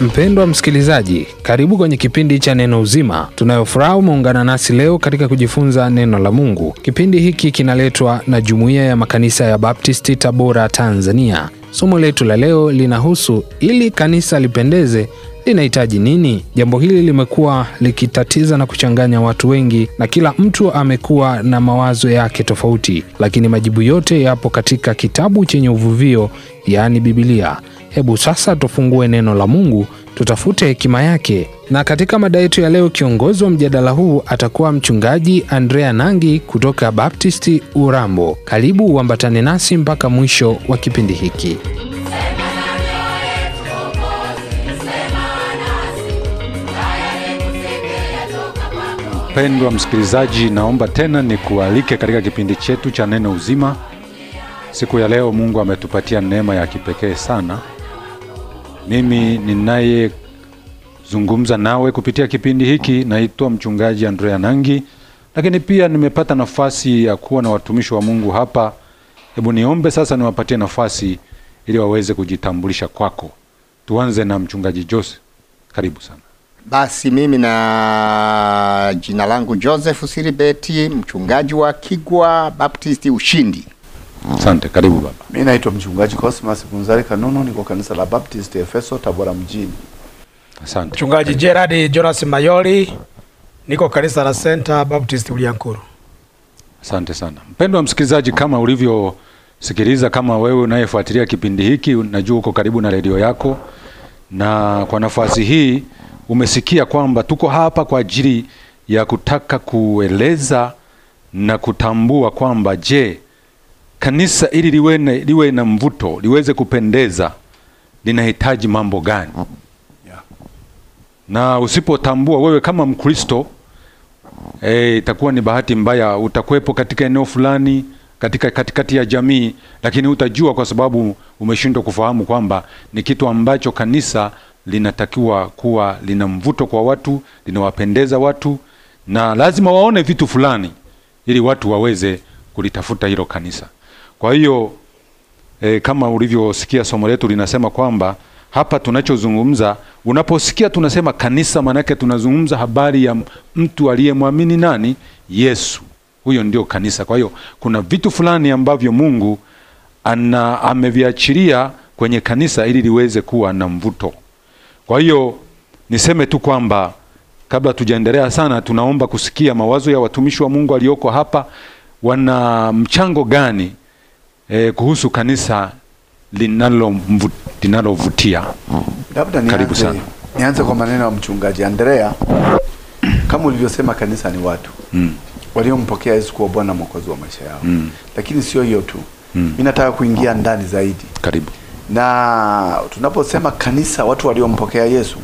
Mpendwa msikilizaji, karibu kwenye kipindi cha Neno Uzima. Tunayofuraha umeungana nasi leo katika kujifunza neno la Mungu. Kipindi hiki kinaletwa na Jumuiya ya Makanisa ya Baptisti Tabora, Tanzania. Somo letu la leo linahusu ili kanisa lipendeze linahitaji nini? Jambo hili limekuwa likitatiza na kuchanganya watu wengi, na kila mtu amekuwa na mawazo yake tofauti, lakini majibu yote yapo katika kitabu chenye uvuvio, yaani Bibilia. Hebu sasa tufungue neno la Mungu, tutafute hekima yake. Na katika mada yetu ya leo, kiongozi wa mjadala huu atakuwa mchungaji Andrea Nangi kutoka Baptisti Urambo. Karibu uambatane nasi mpaka mwisho wa kipindi hiki. pendwa msikilizaji, naomba tena nikualike katika kipindi chetu cha neno uzima. Siku ya leo Mungu ametupatia neema ya kipekee sana mimi ninayezungumza nawe kupitia kipindi hiki naitwa mchungaji Andrea Nangi, lakini pia nimepata nafasi ya kuwa na watumishi wa Mungu hapa. Hebu niombe sasa niwapatie nafasi ili waweze kujitambulisha kwako. Tuanze na mchungaji Jose, karibu sana. Basi mimi na jina langu Joseph Siribeti, mchungaji wa Kigwa Baptisti Ushindi. Asante, karibu baba. Mimi naitwa mchungaji Cosmas Bunzari Kanunu, niko kanisa la Baptist Efeso Tabora mjini. Asante. Mchungaji Gerard Jonas Mayoli, niko kanisa la Center Baptist Uliankuru. Asante sana mpendwa msikilizaji, kama ulivyosikiliza, kama wewe unayefuatilia kipindi hiki, najua uko karibu na redio yako, na kwa nafasi hii umesikia kwamba tuko hapa kwa ajili ya kutaka kueleza na kutambua kwamba je, kanisa ili liwe na, liwe na mvuto liweze kupendeza linahitaji mambo gani? na usipotambua wewe kama Mkristo eh, itakuwa ni bahati mbaya. Utakuwepo katika eneo fulani katika katikati ya jamii, lakini utajua kwa sababu umeshindwa kufahamu kwamba ni kitu ambacho kanisa linatakiwa kuwa lina mvuto kwa watu, linawapendeza watu, na lazima waone vitu fulani ili watu waweze kulitafuta hilo kanisa. Kwa hiyo e, kama ulivyosikia somo letu linasema kwamba hapa tunachozungumza, unaposikia tunasema kanisa, maanake tunazungumza habari ya mtu aliyemwamini nani? Yesu. Huyo ndio kanisa. Kwa hiyo kuna vitu fulani ambavyo Mungu ana ameviachilia kwenye kanisa ili liweze kuwa na mvuto. Kwa hiyo niseme tu kwamba kabla tujaendelea sana, tunaomba kusikia mawazo ya watumishi wa Mungu walioko hapa, wana mchango gani eh, kuhusu kanisa linalovutia linalo labda karibu sana. Nianze kwa maneno ya mchungaji Andrea. Kama ulivyosema kanisa ni watu mm. waliompokea Yesu kuwa Bwana mwokozi wa maisha yao mm. lakini sio hiyo tu mm. mimi nataka kuingia ndani zaidi. Karibu. Na tunaposema kanisa, watu waliompokea Yesu,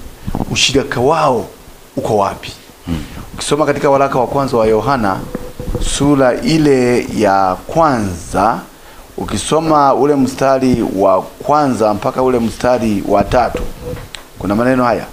ushirika wao uko wapi? mm. Ukisoma katika waraka wa kwanza wa Yohana sura ile ya kwanza Ukisoma ule mstari wa kwanza mpaka ule mstari wa tatu kuna maneno haya,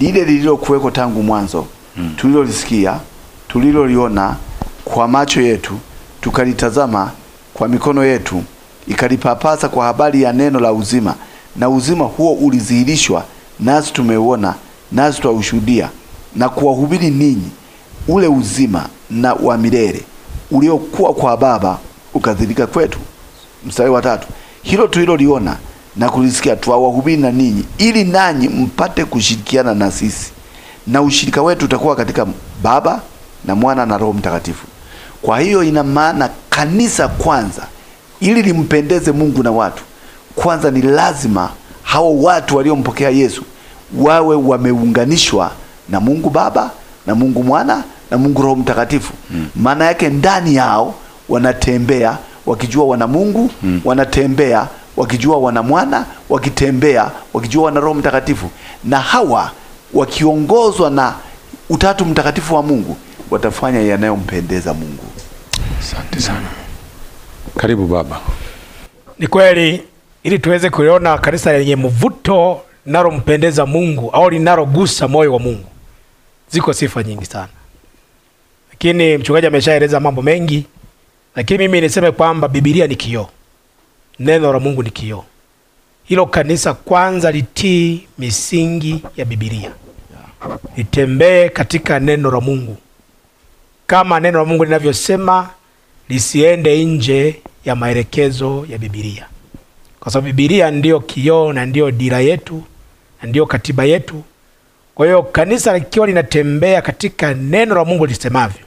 lile lililokuweko tangu mwanzo hmm, tulilolisikia tuliloliona kwa macho yetu tukalitazama kwa mikono yetu ikalipapasa kwa habari ya neno la uzima, na uzima huo ulidhihirishwa, nasi tumeuona, nasi twaushuhudia na kuwahubiri ninyi ule uzima na wa milele uliokuwa kwa Baba ukadhirika kwetu mstari wa tatu, hilo tuliloliona na kulisikia twawahubiri na ninyi, ili nanyi mpate kushirikiana na sisi, na ushirika wetu utakuwa katika Baba na Mwana na Roho Mtakatifu. Kwa hiyo ina maana kanisa kwanza, ili limpendeze Mungu na watu, kwanza ni lazima hao watu waliompokea Yesu wawe wameunganishwa na Mungu Baba na Mungu Mwana na Mungu Roho Mtakatifu. Hmm. Maana hmm, yake ndani yao wanatembea wakijua wana Mungu mm. wanatembea wakijua wana mwana, wakitembea wakijua wana Roho Mtakatifu, na hawa wakiongozwa na utatu mtakatifu wa Mungu watafanya yanayompendeza Mungu. Asante sana. Karibu baba. Ni kweli, ili tuweze kuliona kanisa lenye mvuto linalompendeza Mungu au linalogusa moyo wa Mungu, ziko sifa nyingi sana, lakini mchungaji ameshaeleza mambo mengi lakini mimi niseme kwamba Biblia ni kioo, neno la Mungu ni kioo. Hilo kanisa kwanza litii misingi ya Biblia, litembee katika neno la Mungu kama neno la Mungu linavyosema, lisiende nje ya maelekezo ya Biblia, kwa sababu Biblia ndiyo kioo na ndiyo dira yetu na ndiyo katiba yetu. Kwa hiyo kanisa likiwa linatembea katika neno la Mungu lisemavyo,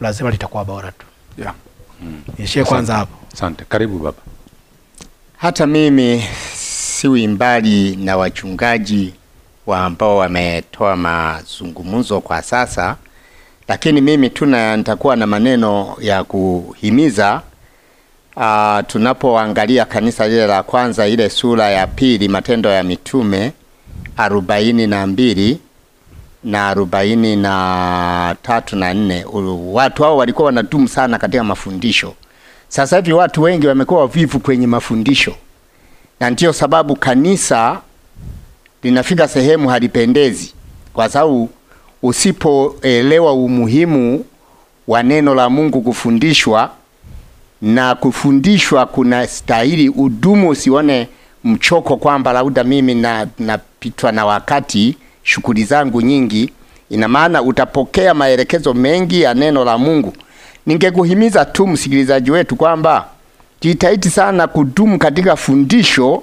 lazima litakuwa bora tu yeah. Mm. Niishie kwanza hapo. Asante. Karibu baba. Hata mimi siwi mbali na wachungaji wa ambao wametoa mazungumzo kwa sasa, lakini mimi tuna nitakuwa na maneno ya kuhimiza Uh, tunapoangalia kanisa lile la kwanza, ile sura ya pili, Matendo ya Mitume arobaini na mbili na arobaini na tatu na nne. Watu hao walikuwa wanatumu sana katika mafundisho. Sasa hivi watu wengi wamekuwa wavivu kwenye mafundisho, na ndiyo sababu kanisa linafika sehemu halipendezi, kwa sababu usipoelewa umuhimu wa neno la Mungu kufundishwa na kufundishwa kuna stahili udumu, usione mchoko kwamba labda mimi napitwa na, na wakati shughuli zangu nyingi, ina maana utapokea maelekezo mengi ya neno la Mungu. Ningekuhimiza tu msikilizaji wetu kwamba jitahidi sana kudumu katika fundisho.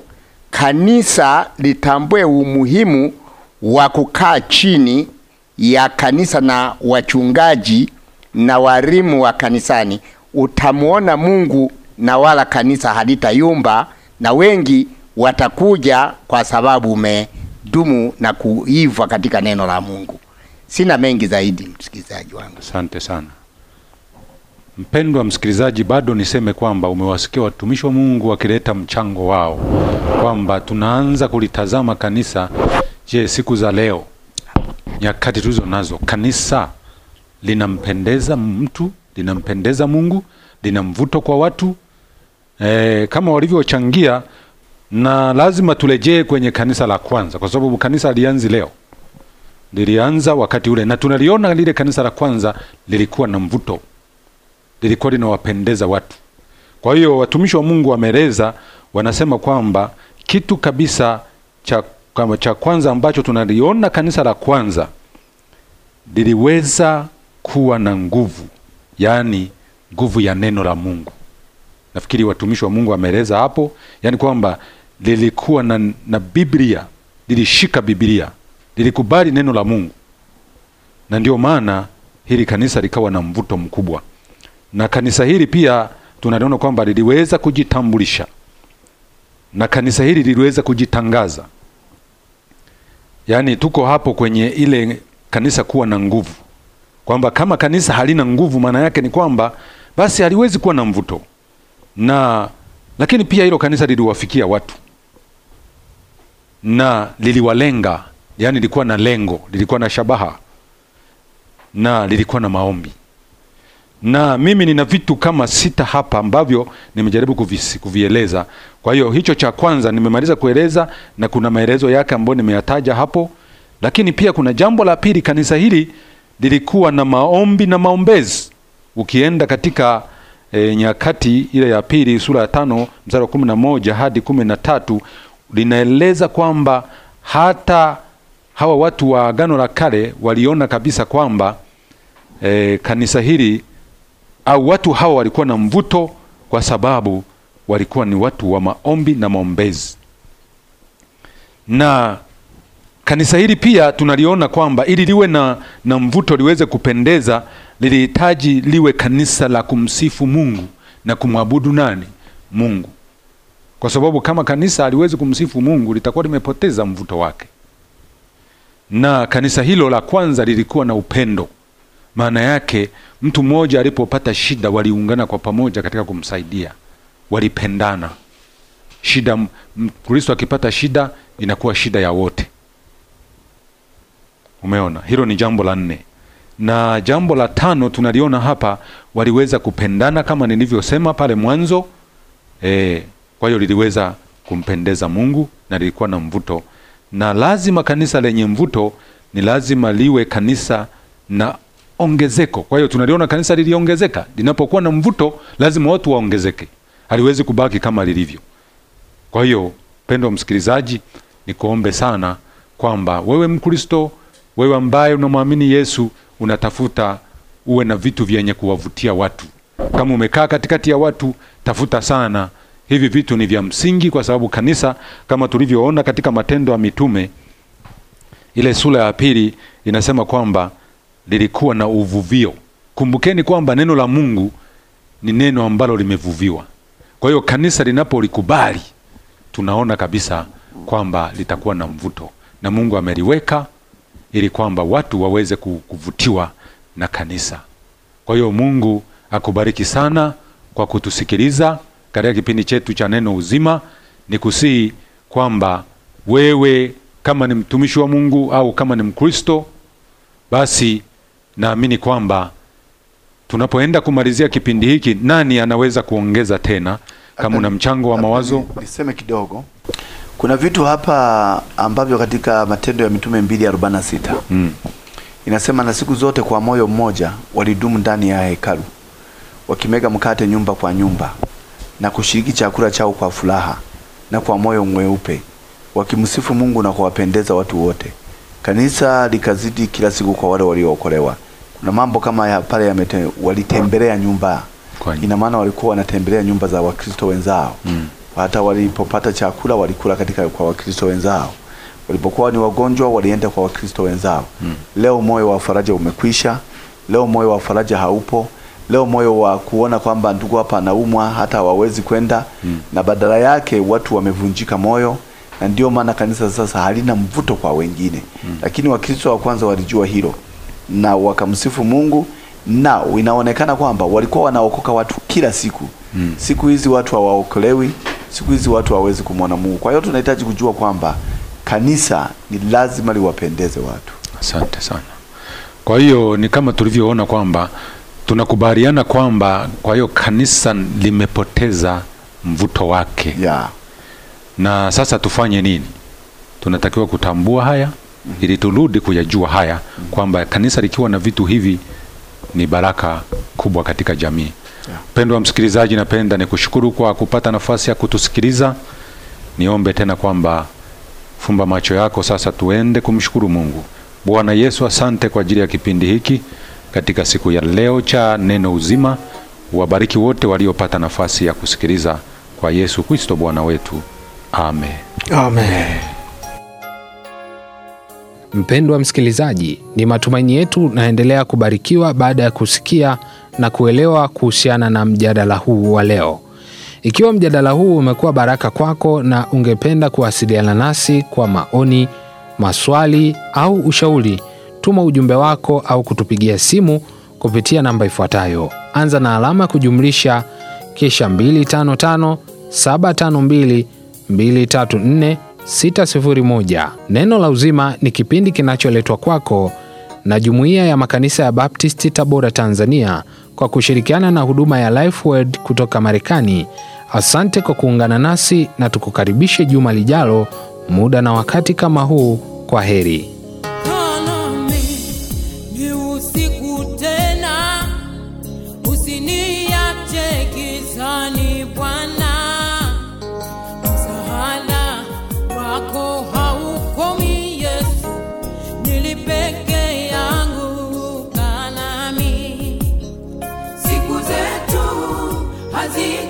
Kanisa litambue umuhimu wa kukaa chini ya kanisa na wachungaji na walimu wa kanisani. Utamuona Mungu na wala kanisa halitayumba, na wengi watakuja kwa sababu ume kudumu na kuiva katika neno la Mungu. Sina mengi zaidi, msikilizaji wangu. Asante sana. Mpendwa msikilizaji, bado niseme kwamba umewasikia watumishi wa Mungu wakileta mchango wao, kwamba tunaanza kulitazama kanisa. Je, siku za leo, nyakati tulizo nazo, kanisa linampendeza mtu, linampendeza Mungu, lina mvuto kwa watu e, kama walivyochangia na lazima turejee kwenye kanisa la kwanza, kwa sababu kanisa lianzi leo, lilianza wakati ule, na tunaliona lile kanisa la kwanza lilikuwa na mvuto, lilikuwa linawapendeza watu. Kwa hiyo watumishi wa Mungu wameleza, wanasema kwamba kitu kabisa cha, cha kwanza ambacho tunaliona kanisa la kwanza liliweza kuwa na nguvu, yaani nguvu ya neno la Mungu. Nafikiri watumishi wa Mungu wameeleza hapo, yaani kwamba lilikuwa na, na Biblia, lilishika Biblia, lilikubali neno la Mungu, na ndio maana hili kanisa likawa na mvuto mkubwa. Na kanisa hili pia tunaliona kwamba liliweza kujitambulisha, na kanisa hili liliweza kujitangaza. Yaani tuko hapo kwenye ile kanisa kuwa na nguvu, kwamba kama kanisa halina nguvu, maana yake ni kwamba basi haliwezi kuwa na mvuto na lakini pia hilo kanisa liliwafikia watu na liliwalenga, yani lilikuwa na lengo, lilikuwa na shabaha na lilikuwa na maombi. Na mimi nina vitu kama sita hapa ambavyo nimejaribu kuvisi, kuvieleza. Kwa hiyo hicho cha kwanza nimemaliza kueleza na kuna maelezo yake ambayo nimeyataja hapo, lakini pia kuna jambo la pili, kanisa hili lilikuwa na maombi na maombezi. Ukienda katika e, Nyakati ile ya pili sura ya tano mstari wa kumi na moja hadi kumi na tatu linaeleza kwamba hata hawa watu wa Agano la Kale waliona kabisa kwamba e, kanisa hili au watu hawa walikuwa na mvuto kwa sababu walikuwa ni watu wa maombi na maombezi. Na kanisa hili pia tunaliona kwamba ili liwe na, na mvuto liweze kupendeza, lilihitaji liwe kanisa la kumsifu Mungu na kumwabudu nani? Mungu kwa sababu kama kanisa aliwezi kumsifu Mungu litakuwa limepoteza mvuto wake. Na kanisa hilo la kwanza lilikuwa na upendo. Maana yake mtu mmoja alipopata shida, waliungana kwa pamoja katika kumsaidia, walipendana. Shida, Mkristo akipata shida inakuwa shida ya wote. Umeona, hilo ni jambo la nne. Na jambo la tano tunaliona hapa, waliweza kupendana kama nilivyosema pale mwanzo eh, kwa hiyo liliweza kumpendeza Mungu na lilikuwa na mvuto, na lazima kanisa lenye mvuto ni lazima liwe kanisa na ongezeko. Kwa hiyo tunaliona kanisa liliongezeka, linapokuwa na mvuto lazima watu waongezeke, haliwezi kubaki kama lilivyo. Kwa hiyo mpendwa msikilizaji, nikuombe sana kwamba wewe Mkristo, wewe ambaye unamwamini Yesu, unatafuta uwe na vitu vyenye kuwavutia watu. Kama umekaa katikati ya watu, tafuta sana Hivi vitu ni vya msingi, kwa sababu kanisa kama tulivyoona katika Matendo ya Mitume ile sura ya pili inasema kwamba lilikuwa na uvuvio. Kumbukeni kwamba neno la Mungu ni neno ambalo limevuviwa. Kwa hiyo kanisa linapolikubali, tunaona kabisa kwamba litakuwa na mvuto, na Mungu ameliweka ili kwamba watu waweze kuvutiwa na kanisa. Kwa hiyo Mungu akubariki sana kwa kutusikiliza katika kipindi chetu cha neno uzima, ni kusii kwamba wewe kama ni mtumishi wa Mungu au kama ni Mkristo, basi naamini kwamba tunapoenda kumalizia kipindi hiki, nani anaweza kuongeza tena kama una mchango wa mawazo? Niseme kidogo, kuna vitu hapa ambavyo katika Matendo ya Mitume sita mm. inasema na siku zote kwa moyo mmoja walidumu ndani ya hekalu wakimega mkate nyumba kwa nyumba na kushiriki chakula chao kwa furaha na kwa moyo mweupe, wakimsifu Mungu na kuwapendeza watu wote. Kanisa likazidi kila siku kwa wale waliookolewa. Kuna mambo kama ya pale, walitembelea nyumba, ina maana walikuwa wanatembelea nyumba za Wakristo wenzao mm. Hata walipopata chakula walikula katika kwa Wakristo wenzao, walipokuwa ni wagonjwa walienda kwa Wakristo wenzao mm. Leo moyo wa faraja umekwisha, leo moyo wa faraja haupo leo moyo wa kuona kwamba ndugu hapa anaumwa hata hawawezi kwenda hmm. na badala yake watu wamevunjika moyo, na ndio maana kanisa sasa halina mvuto kwa wengine hmm. Lakini Wakristo wa kwanza walijua hilo na wakamsifu Mungu, na inaonekana kwamba walikuwa wanaokoka watu kila siku hmm. Siku hizi watu hawaokolewi, siku hizi watu hawawezi kumwona Mungu. Kwa hiyo tunahitaji kujua kwamba kanisa ni lazima liwapendeze watu. Asante sana. Kwa hiyo ni kama tulivyoona kwamba tunakubaliana kwamba kwa hiyo kanisa limepoteza mvuto wake yeah. Na sasa tufanye nini? Tunatakiwa kutambua haya mm -hmm. ili turudi kuyajua haya mm -hmm. kwamba kanisa likiwa na vitu hivi ni baraka kubwa katika jamii yeah. wa msikilizaji, napenda ni kushukuru kwa kupata nafasi ya kutusikiliza. Niombe tena kwamba fumba macho yako sasa, tuende kumshukuru Mungu. Bwana Yesu, asante kwa ajili ya kipindi hiki katika siku ya leo cha neno uzima. Wabariki wote waliopata nafasi ya kusikiliza, kwa Yesu Kristo Bwana wetu, amen. Amen. Mpendwa msikilizaji, ni matumaini yetu naendelea kubarikiwa baada ya kusikia na kuelewa kuhusiana na mjadala huu wa leo. Ikiwa mjadala huu umekuwa baraka kwako na ungependa kuwasiliana nasi kwa maoni, maswali au ushauri tuma ujumbe wako au kutupigia simu kupitia namba ifuatayo: anza na alama kujumlisha kisha 255 752 234 601. Neno la Uzima ni kipindi kinacholetwa kwako na Jumuiya ya Makanisa ya Baptisti Tabora, Tanzania, kwa kushirikiana na huduma ya Lifeword kutoka Marekani. Asante kwa kuungana nasi na tukukaribishe juma lijalo, muda na wakati kama huu. Kwa heri. Brasil.